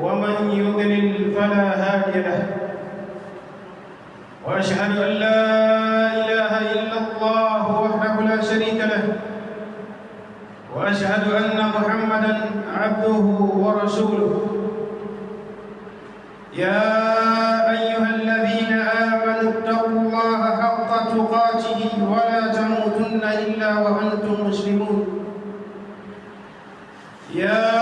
ومن يضلل فلا هادي له واشهد ان لا اله الا الله وحده لا شريك له واشهد ان محمدا عبده ورسوله يا ايها الذين امنوا اتقوا الله حق تقاته ولا تموتن الا وانتم مسلمون يا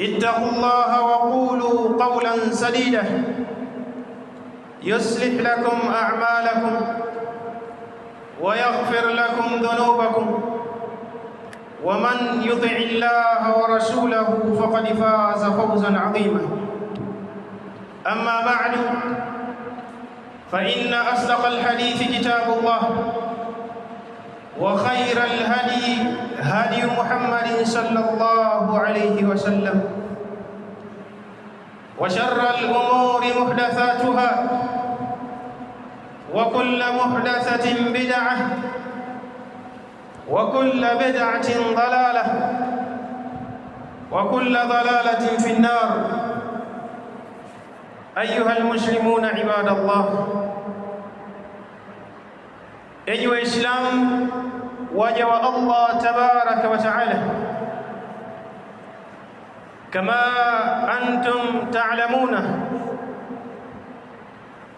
اتقوا الله وقولوا قولا سديدا يصلح لكم اعمالكم ويغفر لكم ذنوبكم ومن يطع الله ورسوله فقد فاز فوزا عظيما اما بعد فان اصدق الحديث كتاب الله وخير الهدي هدي محمد صلى الله عليه وسلم وشر الأمور محدثاتها وكل محدثة بدعة وكل بدعة ضلالة وكل ضلالة في النار أيها المسلمون عباد الله أيها الإسلام waja wa Allah tabaraka wa taala, kama antum ta'lamuna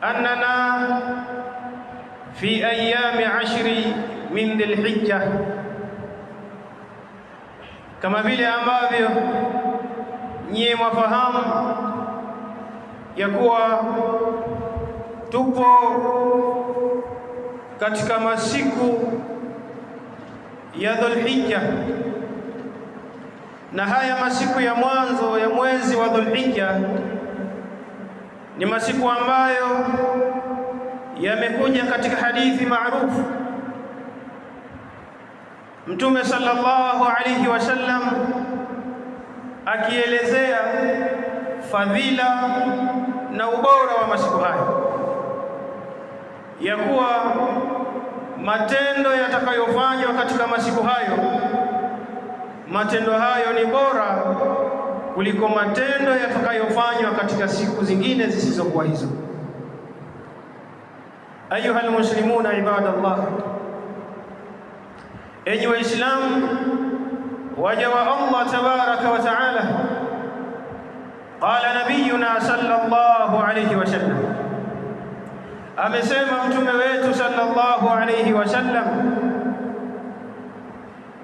annana fi ayami ashri min dhilhijja, kama vile ambavyo nyie mwafahamu ya kuwa tupo katika masiku ya Dhulhijja, na haya masiku ya mwanzo ya mwezi wa Dhulhijja ni masiku ambayo yamekuja katika hadithi maarufu Mtume sallallahu alayhi wasallam akielezea fadhila na ubora wa masiku hayo ya kuwa matendo yatakayofanywa katika masiku hayo, matendo hayo ni bora kuliko matendo yatakayofanywa katika siku zingine zisizokuwa hizo. Ayuha almuslimuna ibadallah, enyi Waislamu waja wa Allah tabaraka wa taala. Qala nabiyuna sallallahu alayhi wa sallam amesema mtume wetu sallallahu alayhi wasallam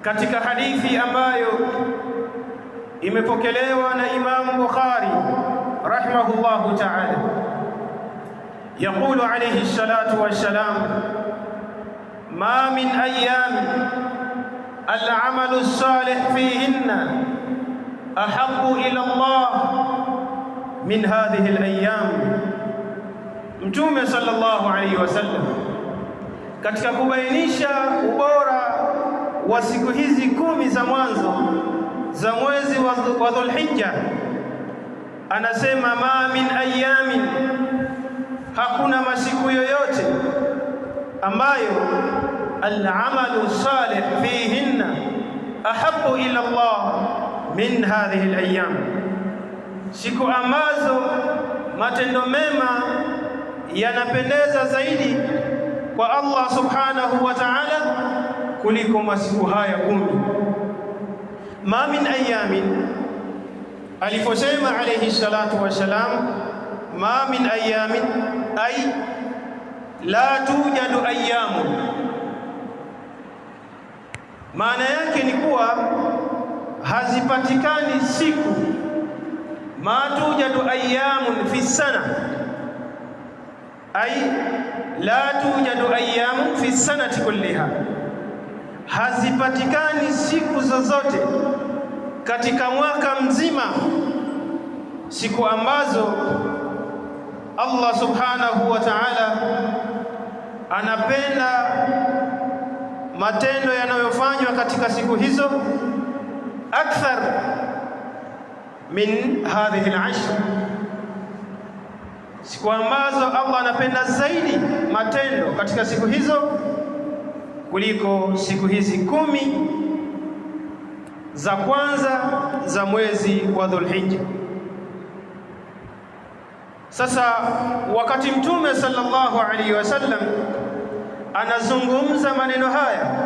katika hadithi ambayo imepokelewa na Imamu Bukhari rahimahullahu ta'ala, yaqulu alayhi salatu wassalam ma min ayyamin al'amalu salih fihinna ahabbu ila Allah min hadhihi al-ayyam Mtume sallallahu alaihi wasallam katika kubainisha ubora wa siku hizi kumi za mwanzo za mwezi wa Dhulhijja anasema, ma min ayamin, hakuna masiku yoyote ambayo alamalu salih fihinna ahabu ila Allah min hadhihi alayam, siku ambazo matendo mema yanapendeza zaidi kwa Allah subhanahu wa ta'ala kuliko masiku haya kumi. Ma min ayamin, aliposema alayhi salatu wassalam, ma min ayamin ay la tujadu ayamu, maana yake ni kuwa hazipatikani siku. Ma tujadu ayamun fi sana ay la tujadu ayamu fi sanati kulliha, hazipatikani siku zozote katika mwaka mzima, siku ambazo Allah subhanahu wa ta'ala anapenda matendo yanayofanywa katika siku hizo akthar min hadhihi al-ashr siku ambazo Allah anapenda zaidi matendo katika siku hizo kuliko siku hizi kumi za kwanza za mwezi wa Dhulhijja. Sasa wakati Mtume sallallahu alaihi wasallam anazungumza maneno haya,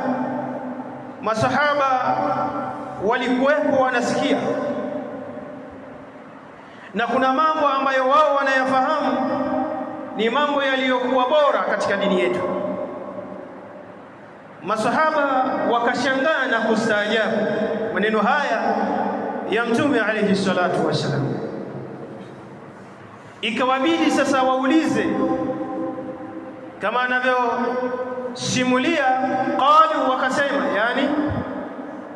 masahaba walikuwepo wanasikia na kuna mambo ambayo wao wanayafahamu ni mambo yaliyokuwa bora katika dini yetu. Masahaba wakashangaa na kustaajabu maneno haya ya Mtume alayhi salatu wassalam, ikawabidi sasa waulize kama anavyosimulia qalu, wakasema, yani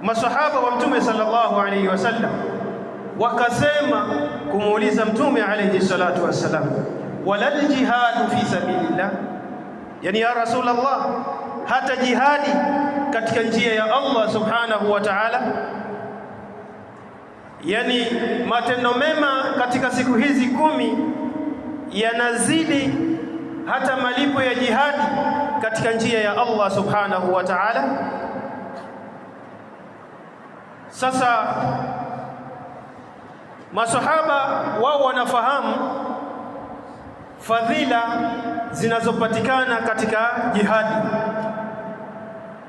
masahaba wa Mtume sallallahu alayhi wasallam wakasema kumuuliza Mtume alayhi salatu wassalam, wala ljihadu fi sabilillah, yani ya Rasulullah, hata jihadi katika njia ya Allah subhanahu wa ta'ala, yani matendo mema katika siku hizi kumi yanazidi hata malipo ya jihadi katika njia ya Allah subhanahu wa ta'ala. Sasa Masahaba wao wanafahamu fadhila zinazopatikana katika jihadi,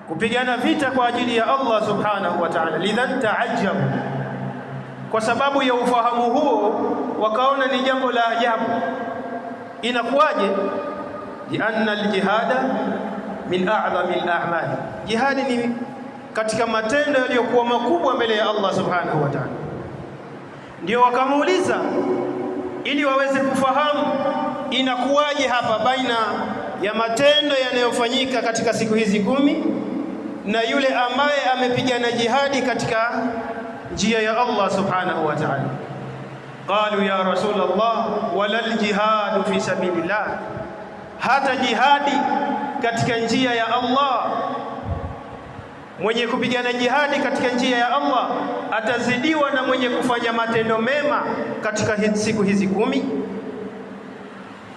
kupigana vita kwa ajili ya Allah subhanahu wa ta'ala. Lidhan taajabu kwa sababu ya ufahamu huo wakaona ni jambo la ajabu. Inakuwaje? lianna aljihada min a'zami al-a'mal, jihadi ni katika matendo yaliyokuwa makubwa mbele ya Allah subhanahu wa ta'ala. Ndio wakamuuliza ili waweze kufahamu inakuwaje hapa baina ya matendo yanayofanyika katika siku hizi kumi na yule ambaye amepigana jihadi katika njia ya Allah subhanahu wa ta'ala. Qalu ya Rasulullah, Allah wala aljihadu fi sabilillah, hata jihadi katika njia ya Allah Mwenye kupigana jihadi katika njia ya Allah atazidiwa na mwenye kufanya matendo mema katika siku hizi kumi.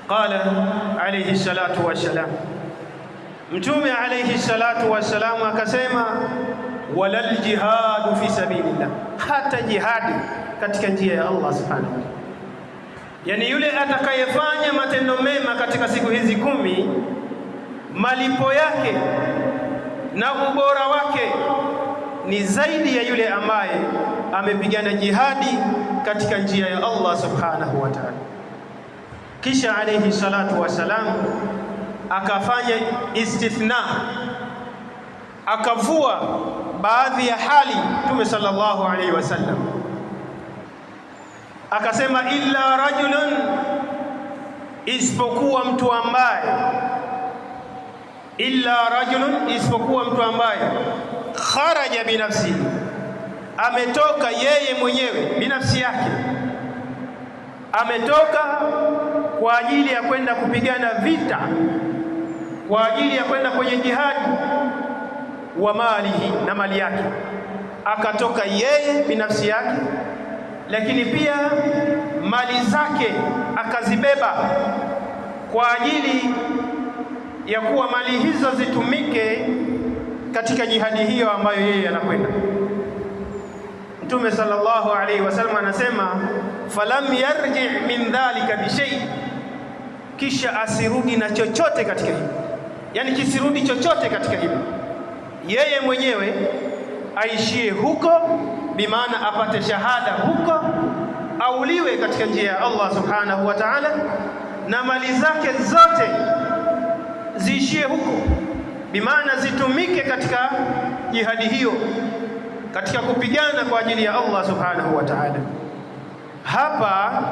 Qala alayhi salatu wassalam, Mtume alayhi salatu wassalam akasema, walal jihadu fi sabilillah, hata jihadi katika njia ya Allah subhanahu wa ta'ala. Yani yule atakayefanya matendo mema katika siku hizi kumi malipo yake na ubora wake ni zaidi ya yule ambaye amepigana jihadi katika njia ya Allah subhanahu wa ta'ala. Kisha alayhi salatu wassalam akafanya istithna, akavua baadhi ya hali Mtume sallallahu alayhi wasallam akasema, illa rajulun, isipokuwa mtu ambaye illa rajulun, isipokuwa mtu ambaye kharaja binafsi, ametoka yeye mwenyewe binafsi yake, ametoka kwa ajili ya kwenda kupigana vita, kwa ajili ya kwenda kwenye jihadi, wa malihi, na mali yake, akatoka yeye binafsi yake, lakini pia mali zake akazibeba kwa ajili ya kuwa mali hizo zitumike katika jihadi hiyo ambayo yeye anakwenda. Mtume sallallahu alaihi wasallam anasema falam yarji min dhalika bishei, kisha asirudi na chochote katika hilo, yani kisirudi chochote katika hilo, yeye mwenyewe aishie huko, bimaana apate shahada huko, auliwe katika njia ya Allah subhanahu wa ta'ala, na mali zake zote ziishie huko, bimaana zitumike katika jihadi hiyo, katika kupigana kwa ajili ya Allah subhanahu wa ta'ala. Hapa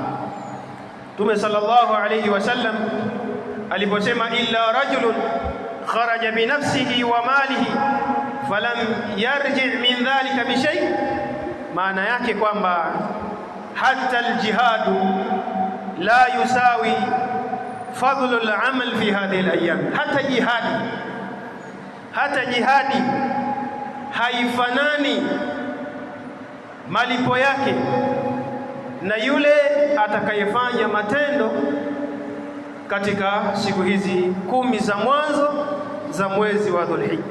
Mtume sallallahu alayhi wasallam aliposema illa rajulun kharaja binafsihi wa malihi falam yarji' min dhalika bishai, maana yake kwamba hata aljihadu la yusawi fadhlul amal fi hadhihi al-ayyam. Hata jihadi, hata jihadi haifanani malipo yake na yule atakayefanya matendo katika siku hizi kumi za mwanzo za mwezi wa Dhulhijja,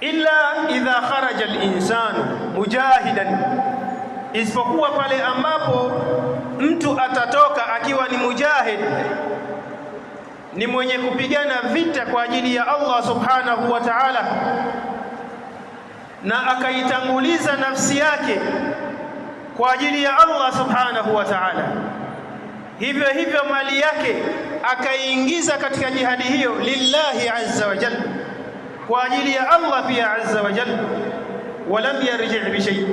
illa idha kharaja al-insanu mujahidan isipokuwa pale ambapo mtu atatoka akiwa ni mujahid, ni mwenye kupigana vita kwa ajili ya Allah subhanahu wa ta'ala, na akaitanguliza nafsi yake kwa ajili ya Allah subhanahu wa ta'ala, hivyo hivyo mali yake akaiingiza katika jihadi hiyo lillahi azza wa jalla, kwa ajili ya Allah pia azza wa jalla, walam yarji' bi shay'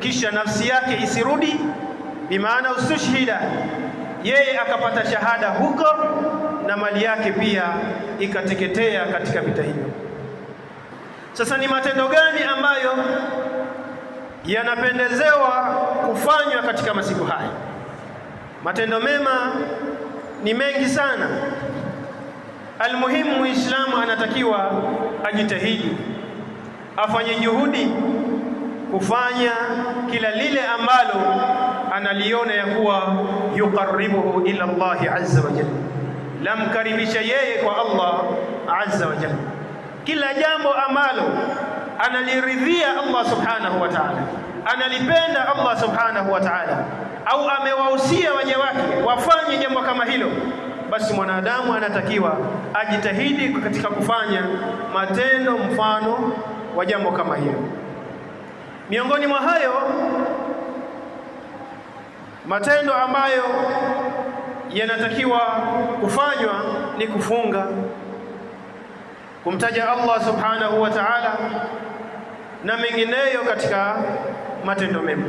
kisha nafsi yake isirudi, bimaana ustushhida, yeye akapata shahada huko na mali yake pia ikateketea katika vita hivyo. Sasa ni matendo gani ambayo yanapendezewa kufanywa katika masiku haya? Matendo mema ni mengi sana. Almuhimu, Muislamu anatakiwa ajitahidi afanye juhudi kufanya kila lile ambalo analiona ya kuwa yuqarribuhu ila Allah azza wa jalla, lamkaribisha yeye kwa Allah azza wa jalla, kila jambo ambalo analiridhia Allah subhanahu wa ta'ala, analipenda Allah subhanahu wa ta'ala, au amewahusia waja wake wafanye jambo kama hilo, basi mwanadamu anatakiwa ajitahidi katika kufanya matendo mfano wa jambo kama hilo. Miongoni mwa hayo matendo ambayo yanatakiwa kufanywa ni kufunga, kumtaja Allah subhanahu wa ta'ala na mengineyo katika matendo mema.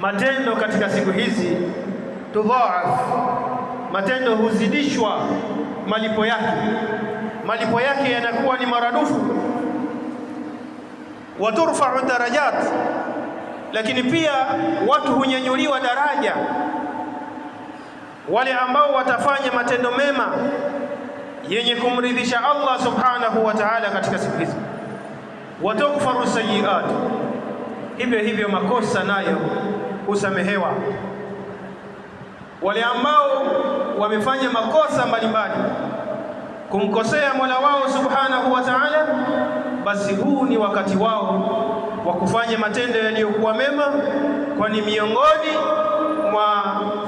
Matendo katika siku hizi tudhaaf, matendo huzidishwa malipo yake, malipo yake yanakuwa ni maradufu wa turfa'u darajat, lakini pia watu hunyanyuliwa daraja, wale ambao watafanya matendo mema yenye kumridhisha Allah subhanahu wa ta'ala katika siku hizi. Wa sayiat, hivyo hivyo makosa nayo husamehewa. Wale ambao wamefanya makosa mbalimbali kumkosea Mola wao subhanahu wa ta'ala basi huu ni wakati wao wa kufanya matendo yaliyokuwa mema, kwani miongoni mwa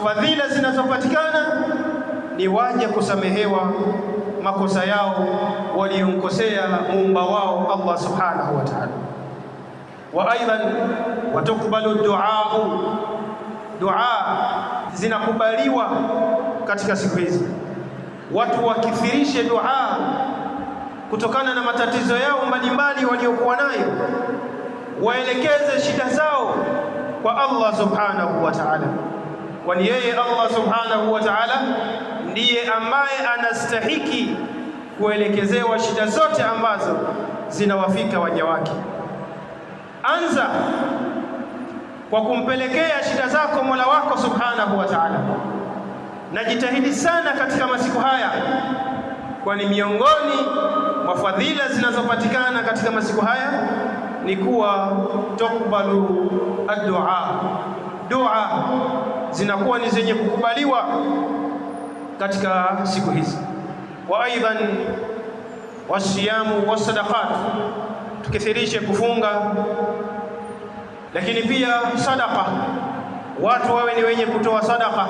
fadhila zinazopatikana ni waje kusamehewa makosa yao waliyomkosea muumba wao Allah subhanahu wa ta'ala. Wa aidan watukbalu duaa, dua zinakubaliwa katika siku hizi, watu wakithirishe duaa kutokana na matatizo yao mbalimbali waliokuwa nayo, waelekeze shida zao kwa Allah subhanahu wa ta'ala, kwani yeye Allah subhanahu wa ta'ala ndiye ambaye anastahiki kuelekezewa shida zote ambazo zinawafika waja wake. Anza kwa kumpelekea shida zako Mola wako subhanahu wa ta'ala, na jitahidi sana katika masiku haya, kwani miongoni wa fadhila zinazopatikana katika masiku haya ni kuwa tukbalu addua, dua zinakuwa ni zenye kukubaliwa katika siku hizi. Wa aidan wasiyamu wasadaqat, tukithirishe kufunga, lakini pia sadaqa, watu wawe ni wenye kutoa sadaqa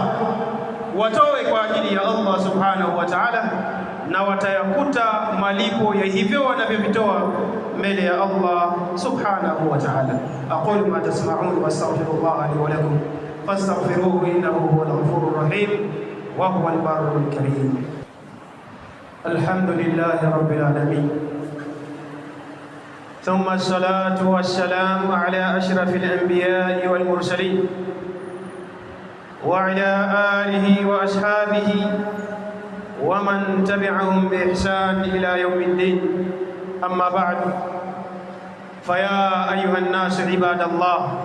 watoe kwa ajili ya Allah subhanahu wa ta'ala, na watayakuta malipo ya hivyo wanavyovitoa mbele ya Allah subhanahu wa ta'ala. aqulu ma tasma'un wa astaghfirullah li wa lakum fastaghfiruhu innahu huwal ghafurur rahim wa huwal barrul karim. Alhamdulillah rabbil alamin ثم الصلاة والسلام على أشرف الأنبياء والمرسلين وعلى آله وأصحابه ومن تبعهم بإحسان إلى يوم الدين أما بعد فيا أيها الناس عباد الله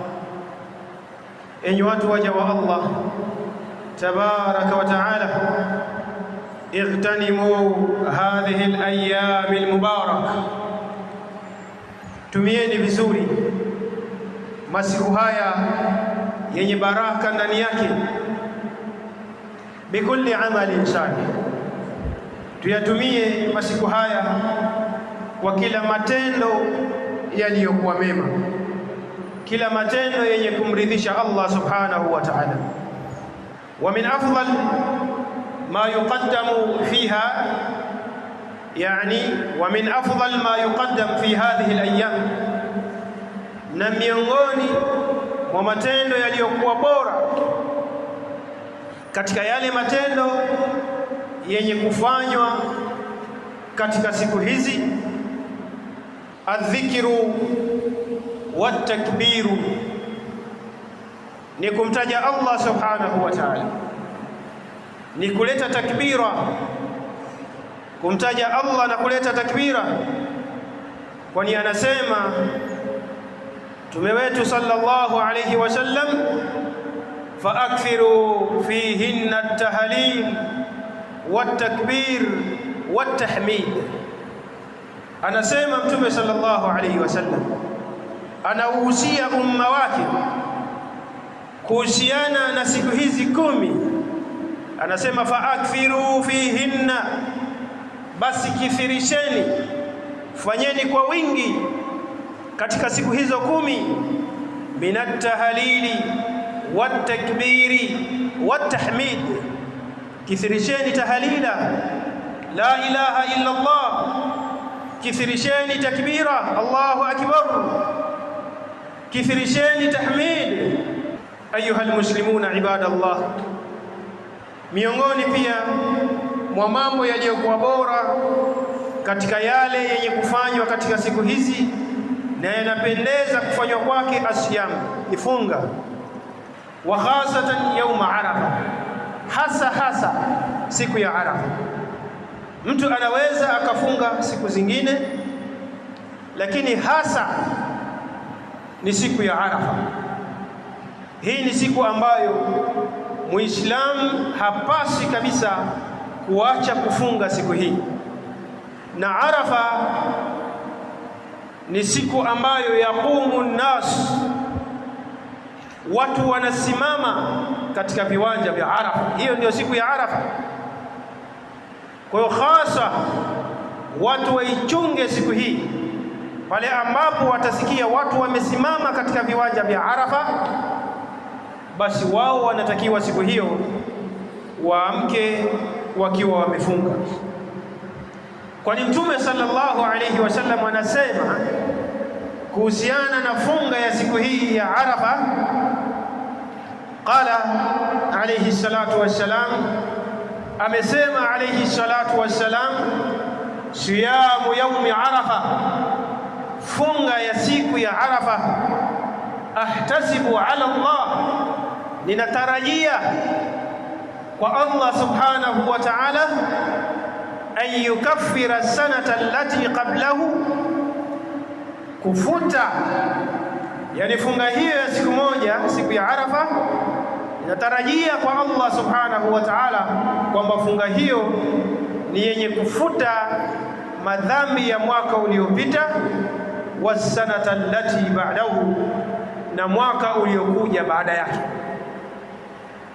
إن وجه الله تبارك وتعالى اغتنموا هذه الأيام المباركة تميني بزوري masiku yenye baraka ndani yake. Bikulli amalin salih, tuyatumie masiku haya kwa kila matendo yaliyokuwa mema, kila matendo yenye kumridhisha Allah subhanahu wa ta'ala. Wa min afdal ma yuqaddamu fiha yani, wa min afdal ma yuqaddam fi hadhihi al-ayyam, na miongoni wa matendo yaliyokuwa bora katika yale matendo yenye kufanywa katika siku hizi, adhikiru watakbiru, ni kumtaja Allah subhanahu wa ta'ala, ni kuleta takbira, kumtaja Allah na kuleta takbira, kwani anasema mtume wetu sallallahu alayhi wasallam, faakthiru fihinna ltahlil waltakbir tahmid Anasema mtume sallallahu alayhi wasallam, anauhusia umma wake kuhusiana na siku hizi kumi. Anasema faakthiru fihinna, basi kithirisheni, fanyeni kwa wingi katika siku hizo kumi min at-tahlili wat-takbiri wat-tahmid, kithirisheni tahlila la ilaha illa Allah, kithirisheni takbira Allahu akbar, kithirisheni tahmid. Ayuha almuslimuna ibadallah, miongoni pia mwa mambo yaliyokuwa bora katika yale yenye kufanywa katika siku hizi na yanapendeza kufanywa kwake asiyam, ifunga wa khasatan yauma arafa, hasa hasa siku ya Arafa. Mtu anaweza akafunga siku zingine, lakini hasa ni siku ya Arafa. Hii ni siku ambayo Muislamu hapasi kabisa kuacha kufunga siku hii na Arafa ni siku ambayo yaqumu nnas, watu wanasimama katika viwanja vya Arafa. Hiyo ndio siku ya Arafa. Kwa hiyo hasa watu waichunge siku hii, pale ambapo watasikia watu wamesimama katika viwanja vya Arafa, basi wao wanatakiwa siku hiyo waamke wakiwa wamefunga. Kwani Mtume sallallahu alayhi wasallam anasema kuhusiana na funga ya siku hii ya Arafa, qala alayhi salatu wassalam, amesema alayhi salatu wassalam, siyamu yaumi arafa, funga ya siku ya Arafa, ahtasibu ala Allah, ninatarajia kwa Allah subhanahu wa ta'ala an yukaffira sanata allati qablahu, kufuta yani funga hiyo ya siku moja, siku ya Arafa inatarajia kwa Allah subhanahu wa ta'ala kwamba funga hiyo ni yenye kufuta madhambi ya mwaka uliopita, sanata allati ba'dahu, na mwaka uliokuja baada yake,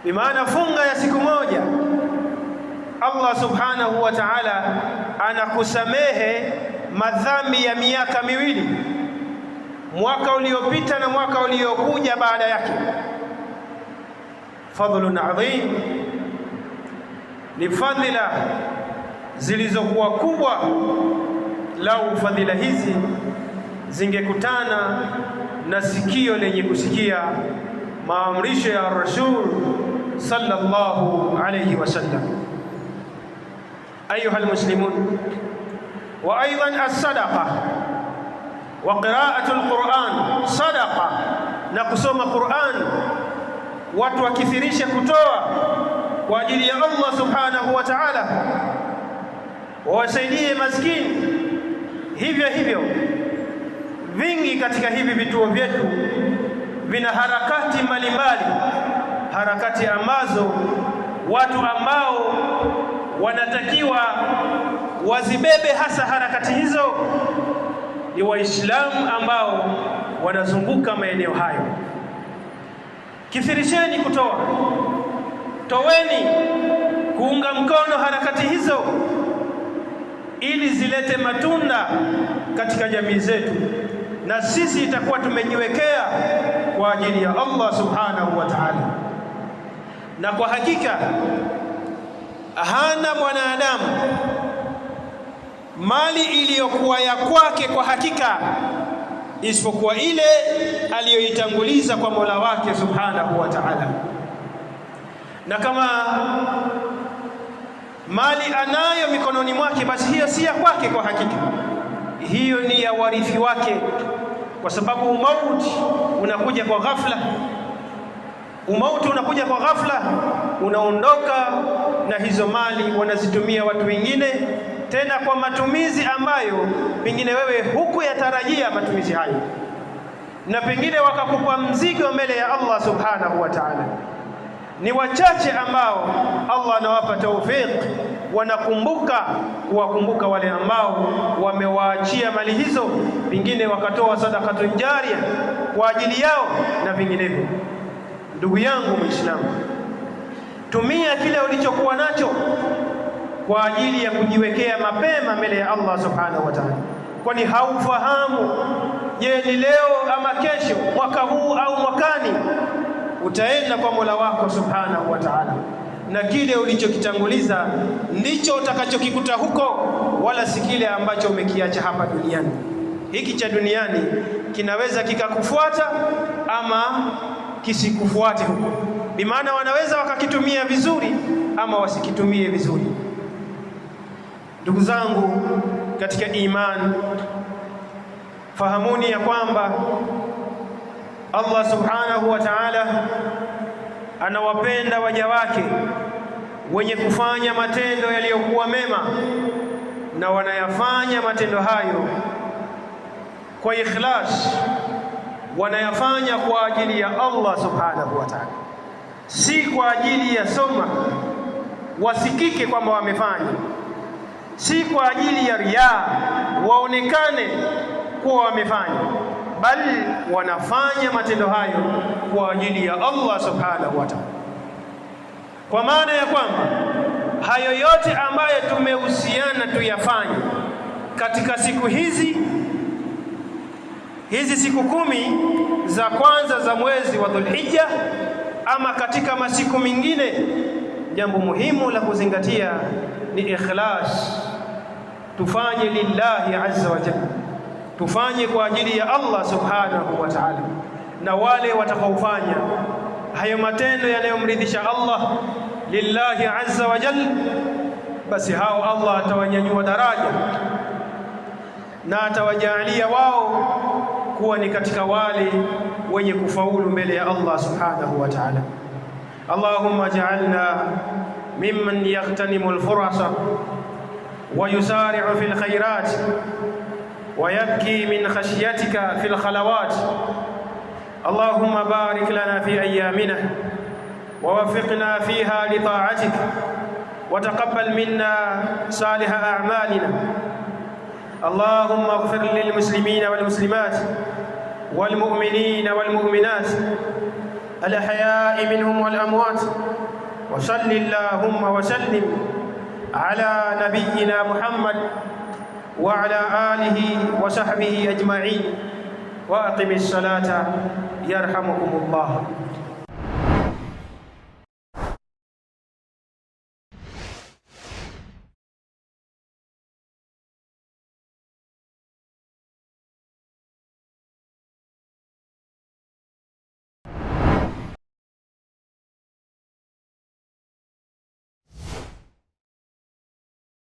bimaana funga ya siku subhanahu wa ta'ala anakusamehe madhambi ya miaka miwili, mwaka uliopita na mwaka uliokuja baada yake. Fadhlun adhim, ni fadhila zilizokuwa kubwa. Lau fadhila hizi zingekutana na sikio lenye kusikia maamrisho ya Rasul sallallahu alayhi wasallam. أيها المسلمون na kusoma وقراءة watu صدقة نقسم kwa ajili كتوى allah الله سبحانه وتعالى wawasaidie maskini hivyo hivyo. Vingi katika hivi vituo vyetu vina harakati mbalimbali, harakati ambazo watu ambao wanatakiwa wazibebe hasa harakati hizo ni Waislamu ambao wanazunguka maeneo hayo. Kithirisheni kutoa, toweni kuunga mkono harakati hizo ili zilete matunda katika jamii zetu, na sisi itakuwa tumejiwekea kwa ajili ya Allah subhanahu wa ta'ala. Na kwa hakika hana mwanadamu mali iliyokuwa ya kwake kwa hakika isipokuwa ile aliyoitanguliza kwa Mola wake Subhanahu wa Ta'ala. Na kama mali anayo mikononi mwake, basi hiyo si ya kwake kwa hakika, hiyo ni ya warithi wake, kwa sababu umauti unakuja kwa ghafla. Umauti unakuja kwa ghafla, unaondoka na hizo mali wanazitumia watu wengine, tena kwa matumizi ambayo pengine wewe hukuyatarajia matumizi hayo, na pengine wakakupa mzigo mbele ya Allah subhanahu wa ta'ala. Ni wachache ambao Allah anawapa tawfiq, wanakumbuka kuwakumbuka wale ambao wamewaachia mali hizo, pengine wakatoa sadakatun jaria kwa ajili yao na vinginevyo. Ndugu yangu Muislamu, Tumia kile ulichokuwa nacho kwa ajili ya kujiwekea mapema mbele ya Allah subhanahu wa ta'ala, kwani haufahamu, je, ni leo ama kesho, mwaka huu au mwakani utaenda kwa Mola wako subhanahu wa ta'ala, na kile ulichokitanguliza ndicho utakachokikuta huko, wala si kile ambacho umekiacha hapa duniani. Hiki cha duniani kinaweza kikakufuata ama kisikufuate huko bimaana wanaweza wakakitumia vizuri ama wasikitumie vizuri. Ndugu zangu katika imani, fahamuni ya kwamba Allah subhanahu wa ta'ala anawapenda waja wake wenye kufanya matendo yaliyokuwa mema na wanayafanya matendo hayo kwa ikhlas, wanayafanya kwa ajili ya Allah subhanahu wa ta'ala si kwa ajili ya soma wasikike kwamba wamefanya, si kwa ajili ya riaa waonekane kuwa wamefanya, bali wanafanya matendo hayo kwa ajili ya Allah subhanahu wa ta'ala, kwa maana ya kwamba hayo yote ambayo tumehusiana tuyafanye katika siku hizi hizi siku kumi za kwanza za mwezi wa Dhulhijja ama katika masiku mengine, jambo muhimu la kuzingatia ni ikhlas. Tufanye lillahi azza wa jalla, tufanye kwa ajili ya Allah subhanahu wa ta'ala. Na wale watakaofanya hayo matendo yanayomridhisha Allah lillahi azza wa jalla, basi hao Allah atawanyanyua daraja na atawajalia wao kuwa ni katika wale wenye kufaulu mbele ya Allah subhanahu wa ta'ala. Allahumma ja'alna mimman yaghtanimu al-furasa wa yusari'u fil khairat wa yabki min khashyatika fil khalawat. Allahumma barik lana fi ayyamina wa fiha li wa taqabbal minna وتقبل a'malina. Allahumma أعمالنا lil muslimina wal muslimat والمؤمنين والمؤمنات الأحياء منهم والأموات وصل اللهم وسلم على نبينا محمد وعلى آله وصحبه أجمعين وأقم الصلاة يرحمكم الله